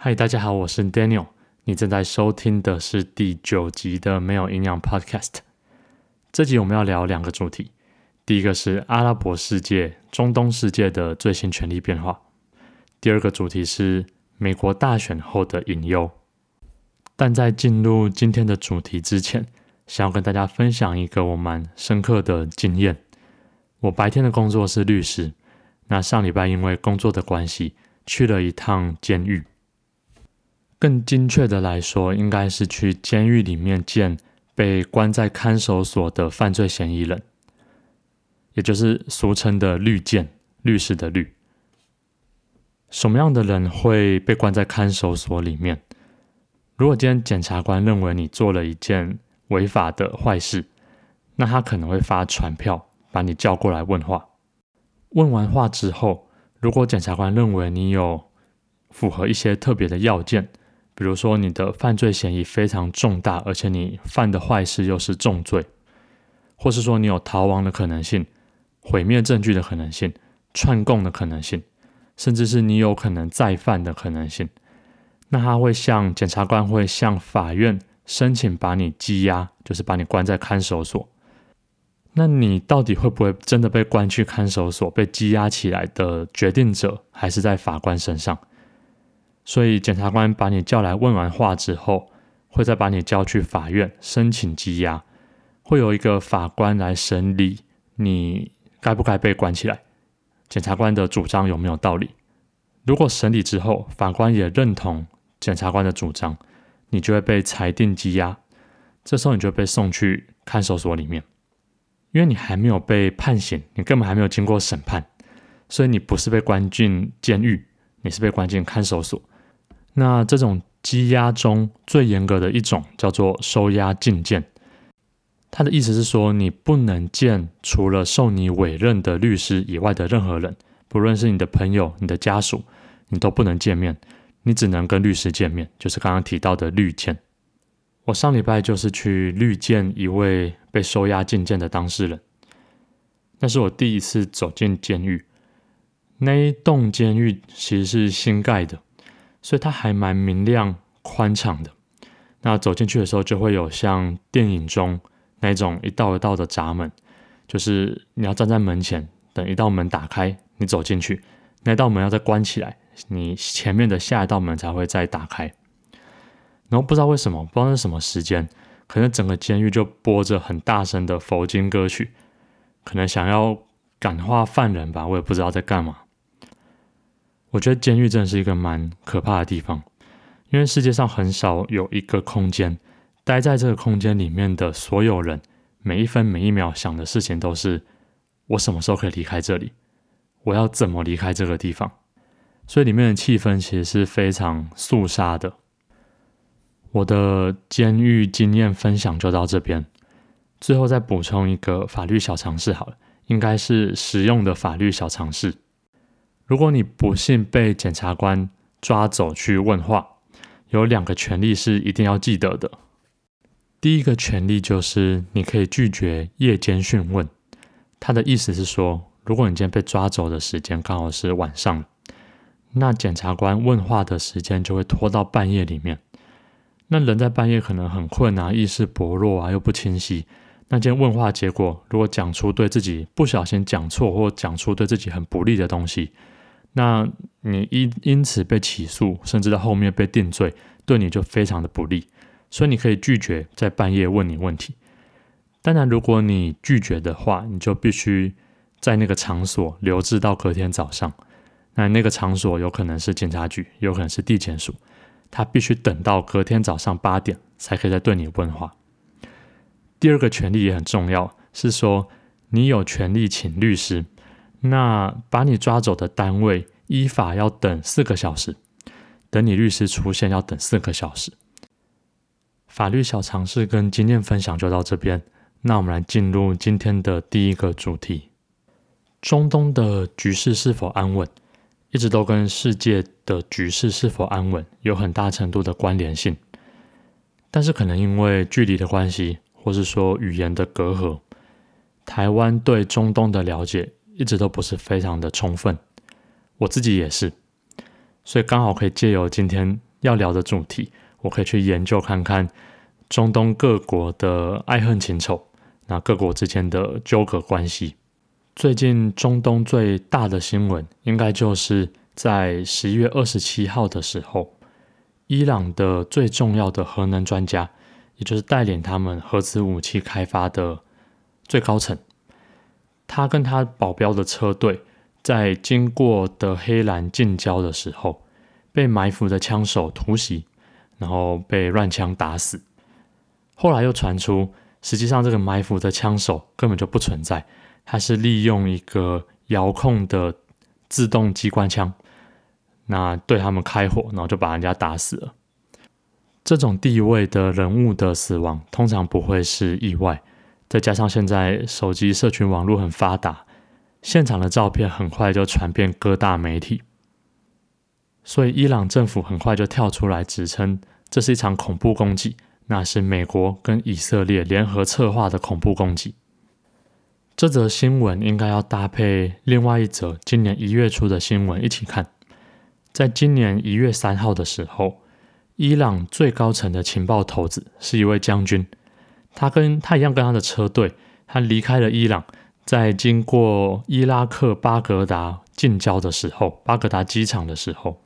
嗨，Hi, 大家好，我是 Daniel。你正在收聽的是第九集的《沒有營養 Podcast》。這集我們要聊兩個主題，第一個是阿拉伯世界、中東世界的最新權力變化；第二個主題是美國大選後的隱憂。但在進入今天的主題之前，想要跟大家分享一個我蠻深刻的經驗。我白天的工作是律師，那上禮拜因為工作的關係去了一趟監獄。更精確的來說，應該是去監獄裡面見被關在看守所的犯罪嫌疑人，也就是俗稱的律見，律師的律。什麼樣的人會被關在看守所裡面？如果今天檢察官認為你做了一件違法的壞事，那他可能會發傳票把你叫過來問話。問完話之後，如果檢察官認為你有符合一些特別的要件，比如說你的犯罪嫌疑非常重大，而且你犯的壞事又是重罪，或是說你有逃亡的可能性、毀滅證據的可能性、串供的可能性，甚至是你有可能再犯的可能性，那他會向檢察官，會向法院申請把你羈押，就是把你關在看守所。那你到底會不會真的被關去看守所、被羈押起來的決定者，還是在法官身上。所以檢察官把你叫來問完話之後，會再把你叫去法院申請羈押，會有一個法官來審理你該不該被關起來，檢察官的主張有沒有道理。如果審理之後法官也認同檢察官的主張，你就會被裁定羈押，這時候你就會被送去看守所裡面，因為你還沒有被判刑，你根本還沒有經過審判，所以你不是被關進監獄，你是被關進看守所。那這種羈押中最嚴格的一種叫做收押禁見，它的意思是說，你不能見除了受你委任的律師以外的任何人，不論是你的朋友、你的家屬，你都不能見面，你只能跟律師見面，就是剛剛提到的律見。我上禮拜就是去律見一位被收押禁見的當事人，那是我第一次走進監獄，那一棟監獄其實是新蓋的。所以它還蠻明亮、寬敞的。那走進去的時候，就會有像電影中那種一道一道的閘門，就是你要站在門前等一道門打開，你走進去，那道門要再關起來，你前面的下一道門才會再打開。然後不知道為什麼，不知道是什麼時間，可能整個監獄就播着很大聲的佛經歌曲，可能想要感化犯人吧，我也不知道在幹嘛。我覺得監獄真的是一個蠻可怕的地方，因為世界上很少有一個空間，待在這個空間裡面的所有人，每一分每一秒想的事情都是我什麼時候可以離開這裡，我要怎麼離開這個地方，所以裡面的氣氛其實是非常肅殺的。我的監獄經驗分享就到這邊，最後再補充一個法律小常識好了，應該是實用的法律小常識。如果你不幸被檢察官抓走去問話，有兩個權利是一定要記得的。第一個權利就是你可以拒絕夜間訊問。他的意思是說，如果你今天被抓走的時間剛好是晚上，那檢察官問話的時間就會拖到半夜裡面。那人在半夜可能很困啊，意識薄弱啊，又不清晰。那間問話結果，如果講出對自己不小心講錯，或講出對自己很不利的東西。那你因因此被起訴，甚至到後面被定罪，對你就非常的不利。所以你可以拒絕在半夜問你問題。當然，如果你拒絕的話，你就必須在那個場所留置到隔天早上。那那個場所有可能是警察局，有可能是地檢署，他必須等到隔天早上八點才可以再對你問話。第二個權利也很重要，是說你有權利請律師。那把你抓走的單位依法要等四個小時，等你律師出現要等四個小時。法律小常識跟經驗分享就到這邊，那我們來進入今天的第一個主題：中東的局勢是否安穩，一直都跟世界的局勢是否安穩有很大程度的關聯性。但是可能因為距離的關係，或是說語言的隔閡，台灣對中東的了解一直都不是非常的充分，我自己也是，所以剛好可以借由今天要聊的主題，我可以去研究看看中東各國的愛恨情仇，那各國之間的糾葛關係。最近中東最大的新聞應該就是在十一月二十七號的時候，伊朗的最重要的核能專家，也就是帶領他們核子武器開發的最高層。他跟他保鏢的車隊在經過德黑蘭近郊的時候，被埋伏的槍手突襲，然後被亂槍打死。後來又傳出，實際上這個埋伏的槍手根本就不存在，他是利用一個遙控的自動機關槍，那對他們開火，然後就把人家打死了。這種地位的人物的死亡，通常不會是意外。再加上現在手機社群網絡很發達，現場的照片很快就傳遍各大媒體，所以伊朗政府很快就跳出來指稱，這是一場恐怖攻擊，那是美國跟以色列聯合策劃的恐怖攻擊。這則新聞應該要搭配另外一則今年一月初的新聞一起看。在今年一月三號的時候，伊朗最高層的情報頭子是一位將軍。他跟他一樣，跟他的車隊，他離開了伊朗，在經過伊拉克巴格達近郊的時候，巴格達機場的時候，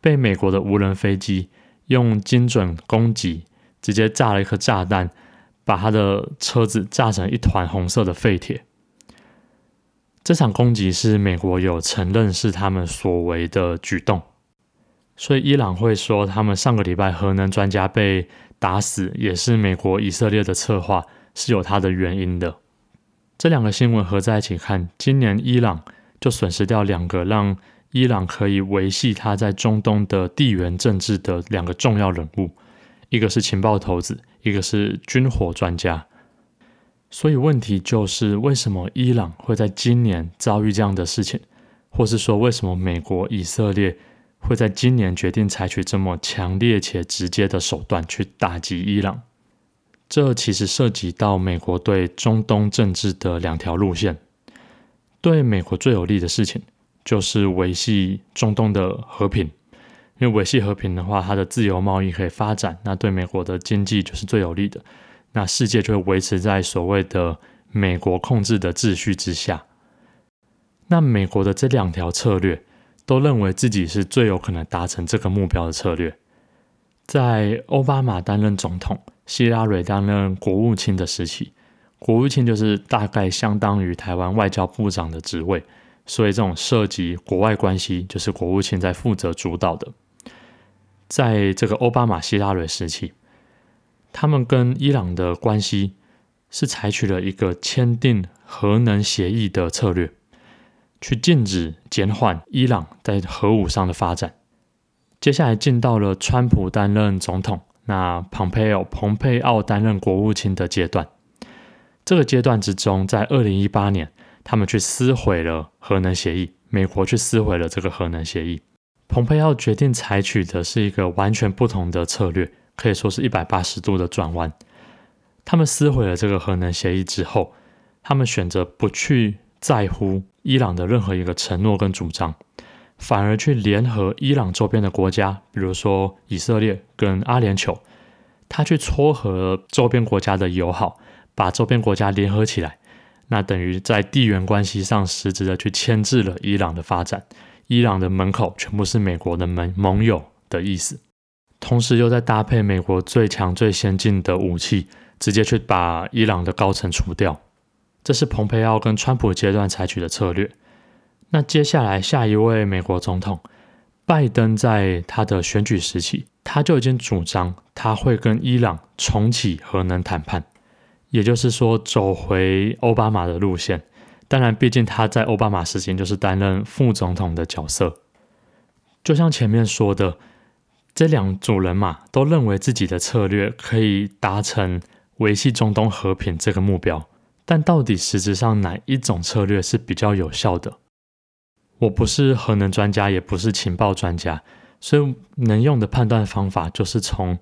被美國的無人飛機用精準攻擊直接炸了一顆炸彈，把他的車子炸成一團紅色的廢鐵。這場攻擊是美國有承認是他們所為的舉動，所以伊朗會說，他們上個禮拜核能專家被。打死也是美國以色列的策劃，是有它的原因的。這兩個新聞合在一起看，今年伊朗就損失掉兩個讓伊朗可以維繫它在中東的地緣政治的兩個重要人物，一個是情報頭子，一個是軍火專家。所以問題就是為什麼伊朗會在今年遭遇這樣的事情，或是說為什麼美國以色列？會在今年決定採取這麼強烈且直接的手段去打擊伊朗，這其實涉及到美國對中東政治的兩條路線。對美國最有利的事情就是維繫中東的和平，因為維繫和平的話，它的自由貿易可以發展，那對美國的經濟就是最有利的。那世界就會維持在所謂的美國控制的秩序之下。那美國的這兩條策略，都認為自己是最有可能達成這個目標的策略。在奧巴馬擔任總統、希拉蕊擔任國務卿的時期，國務卿就是大概相當於台灣外交部長的職位，所以這種涉及國外關係就是國務卿在負責主導的。在這個奧巴馬、希拉蕊時期，他們跟伊朗的關係是採取了一個簽訂核能協議的策略。去禁止減緩伊朗在核武上的發展。接下來進到了川普擔任總統，那蓬佩奧蓬佩奧擔任國務卿的階段。這個階段之中，在二零一八年，他們去撕毀了核能協議，美國去撕毀了這個核能協議。蓬佩奧決定採取的是一個完全不同的策略，可以說是一百八十度的轉彎。他們撕毀了這個核能協議之後，他們選擇不去。在乎伊朗的任何一個承諾跟主張，反而去聯合伊朗周邊的國家，比如說以色列跟阿聯酋，他去撮合周邊國家的友好，把周邊國家聯合起來，那等於在地緣關係上實質的去牽制了伊朗的發展。伊朗的門口全部是美國的盟盟友的意思，同時又在搭配美國最強最先進的武器，直接去把伊朗的高層除掉。這是蓬佩奧跟川普階段採取的策略。那接下來下一位美國總統拜登，在他的選舉時期，他就已經主張他會跟伊朗重啟核能談判，也就是說走回歐巴馬的路線。當然，畢竟他在歐巴馬時期就是擔任副總統的角色。就像前面說的，這兩組人馬都認為自己的策略可以達成維繫中東和平這個目標。但到底實質上哪一種策略是比較有效的？我不是核能專家，也不是情報專家，所以能用的判斷方法就是從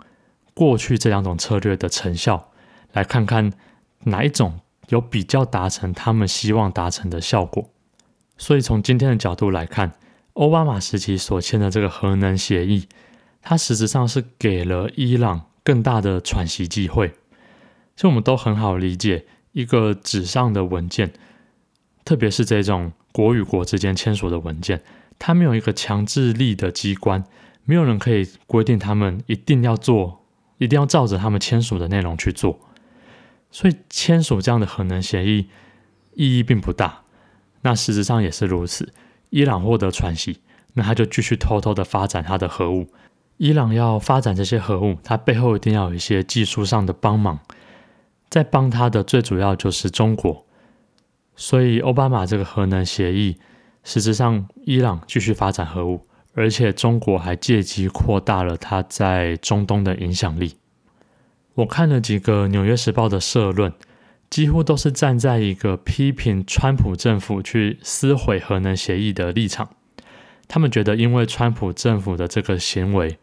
過去這兩種策略的成效來看看哪一種有比較達成他們希望達成的效果。所以從今天的角度來看，歐巴馬時期所簽的這個核能協議，它實質上是給了伊朗更大的喘息機會。其實我們都很好理解。一個紙上的文件，特別是這種國與國之間簽署的文件，它沒有一個強制力的機關，沒有人可以規定他們一定要做，一定要照着他們簽署的內容去做。所以簽署這樣的核能協議意義並不大。那事實上也是如此。伊朗獲得喘息，那他就繼續偷偷的發展他的核武。伊朗要發展這些核武，他背後一定要有一些技術上的幫忙。在幫他的最主要就是中國，所以奧巴馬這個核能協議，實質上伊朗繼續發展核武，而且中國還借機擴大了他在中東的影響力。我看了幾個《紐約時報》的社論，幾乎都是站在一個批評川普政府去撕毀核能協議的立場，他們覺得因為川普政府的這個行為，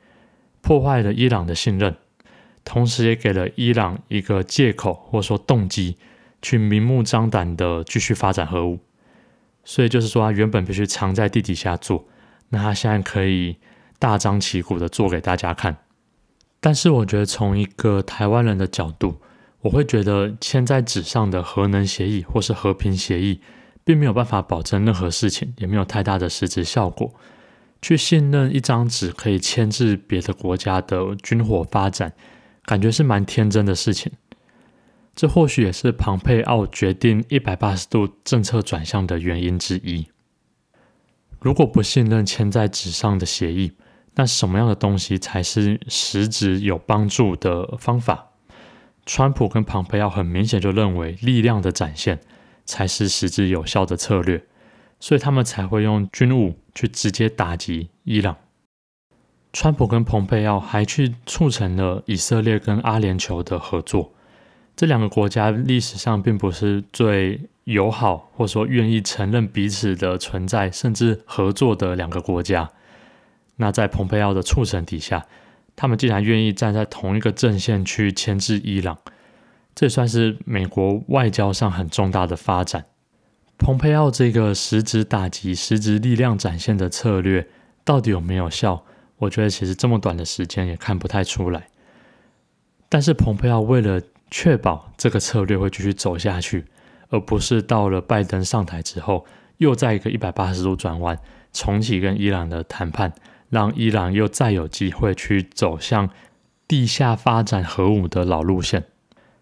破壞了伊朗的信任。同時也給了伊朗一個借口，或說動機，去明目張膽的繼續發展核武。所以就是說，他原本必須藏在地底下做，那他現在可以大張旗鼓地做給大家看。但是，我覺得從一個台灣人的角度，我會覺得簽在紙上的核能協議或是和平協議，並沒有辦法保證任何事情，也沒有太大的實質效果。去信任一張紙可以牽制別的國家的軍火發展。感覺是蠻天真的事情，這或許也是蓬佩奧決定一百八十度政策轉向的原因之一。如果不信任簽在紙上的協議，那什麼樣的東西才是實質有幫助的方法？川普跟蓬佩奧很明顯就認為力量的展現才是實質有效的策略，所以他們才會用軍武去直接打擊伊朗。川普跟蓬佩奧還去促成了以色列跟阿聯酋的合作。這兩個國家歷史上並不是最友好，或說願意承認彼此的存在，甚至合作的兩個國家。那在蓬佩奧的促成底下，他們竟然願意站在同一個陣線去牽制伊朗，這算是美國外交上很重大的發展。蓬佩奧這個實質打擊、實質力量展現的策略，到底有沒有效？我覺得其實這麼短的時間也看不太出來，但是蓬佩奧為了確保這個策略會繼續走下去，而不是到了拜登上台之後，又在一個一百八十度轉彎，重啟跟伊朗的談判，讓伊朗又再有機會去走向地下發展核武的老路線，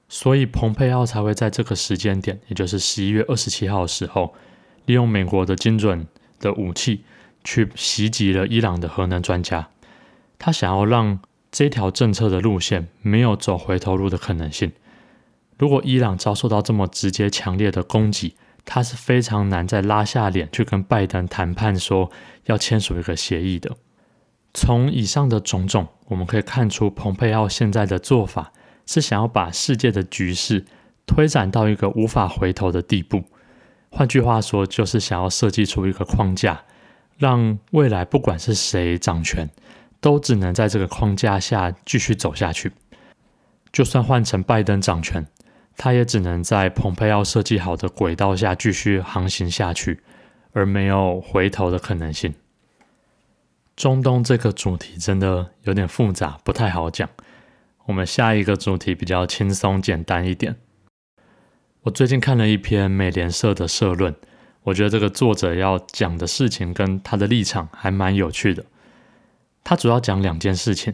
所以蓬佩奧才會在這個時間點，也就是十一月二十七號的時候，利用美國的精準的武器。去襲擊了伊朗的核能專家，他想要讓這條政策的路線沒有走回頭路的可能性。如果伊朗遭受到這麼直接、強烈的攻擊，他是非常難再拉下臉去跟拜登談判，說要簽署一個協議的。從以上的種種，我們可以看出，蓬佩奧現在的做法是想要把世界的局勢推展到一個無法回頭的地步。換句話說，就是想要設計出一個框架。讓未來不管是誰掌權，都只能在這個框架下繼續走下去。就算換成拜登掌權，他也只能在蓬佩奧設計好的軌道下繼續航行下去，而沒有回頭的可能性。中東這個主題真的有點複雜，不太好講。我們下一個主題比較輕鬆簡單一點。我最近看了一篇美聯社的社論。我覺得這個作者要講的事情跟他的立場還蠻有趣的。他主要講兩件事情。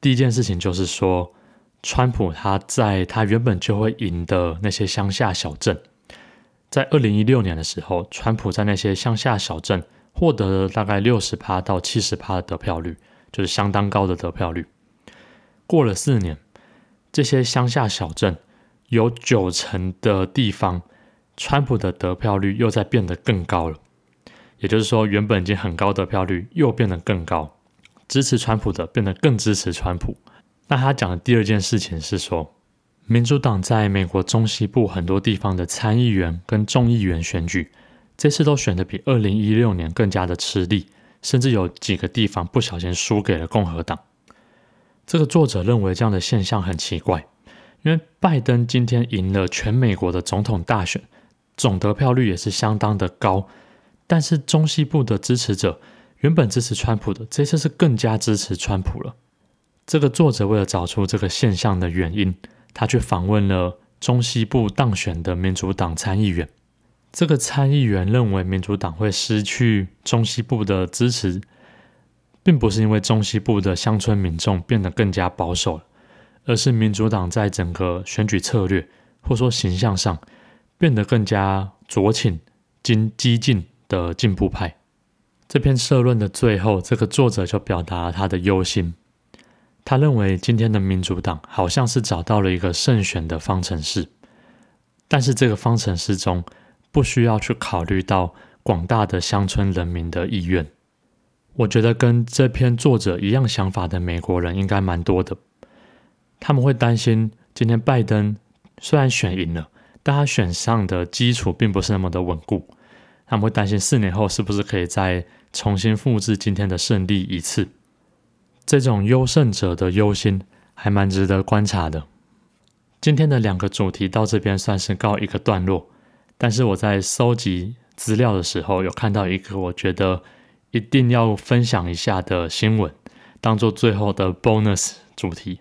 第一件事情就是說，川普他在他原本就會贏的那些鄉下小鎮，在二零一六年的時候，川普在那些鄉下小鎮獲得了大概六十趴到七十趴的得票率，就是相當高的得票率。過了四年，這些鄉下小鎮有九成的地方。川普的得票率又在變得更高了，也就是說，原本已經很高得票率又變得更高，支持川普的變得更支持川普。那他講的第二件事情是說，民主黨在美國中西部很多地方的參議員跟眾議員選舉，這次都選得比二零一六年更加的吃力，甚至有幾個地方不小心輸給了共和黨。這個作者認為這樣的現象很奇怪，因為拜登今天贏了全美國的總統大選。總得票率也是相當的高，但是中西部的支持者原本支持川普的，這次是更加支持川普了。這個作者為了找出這個現象的原因，他去訪問了中西部當選的民主黨參議員。這個參議員認為，民主黨會失去中西部的支持，並不是因為中西部的鄉村民眾變得更加保守了，而是民主黨在整個選舉策略或說形象上。變得更加左傾，激激進的進步派。這篇社論的最後，這個作者就表達了他的憂心。他認為今天的民主黨好像是找到了一個勝選的方程式，但是這個方程式中不需要去考慮到廣大的鄉村人民的意願。我覺得跟這篇作者一樣想法的美國人應該蠻多的。他們會擔心，今天拜登雖然選贏了。大家選上的基礎並不是那麼的穩固，他們會擔心四年後是不是可以再重新複製今天的勝利一次。這種優勝者的憂心還蠻值得觀察的。今天的兩個主題到這邊算是告一個段落，但是我在搜集資料的時候有看到一個我覺得一定要分享一下的新聞，當做最後的 bonus 主題。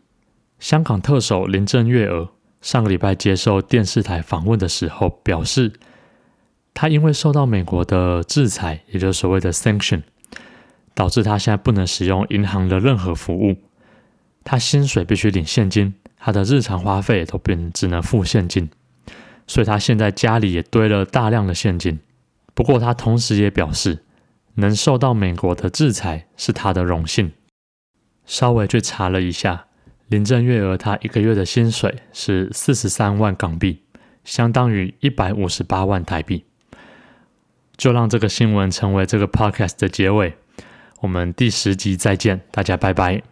香港特首林鄭月娥。上個禮拜接受電視台訪問的時候，表示他因為受到美國的制裁，也就是所謂的 sanction，導致他現在不能使用銀行的任何服務。他薪水必須領現金，他的日常花費也都變只能付現金，所以他現在家裡也堆了大量的現金。不過他同時也表示，能受到美國的制裁是他的榮幸。稍微去查了一下。林鄭月娥她一個月的薪水是四十三萬港幣，相當於一百五十八萬台幣。就讓這個新聞成為這個 podcast 的結尾。我們第十集再見，大家拜拜。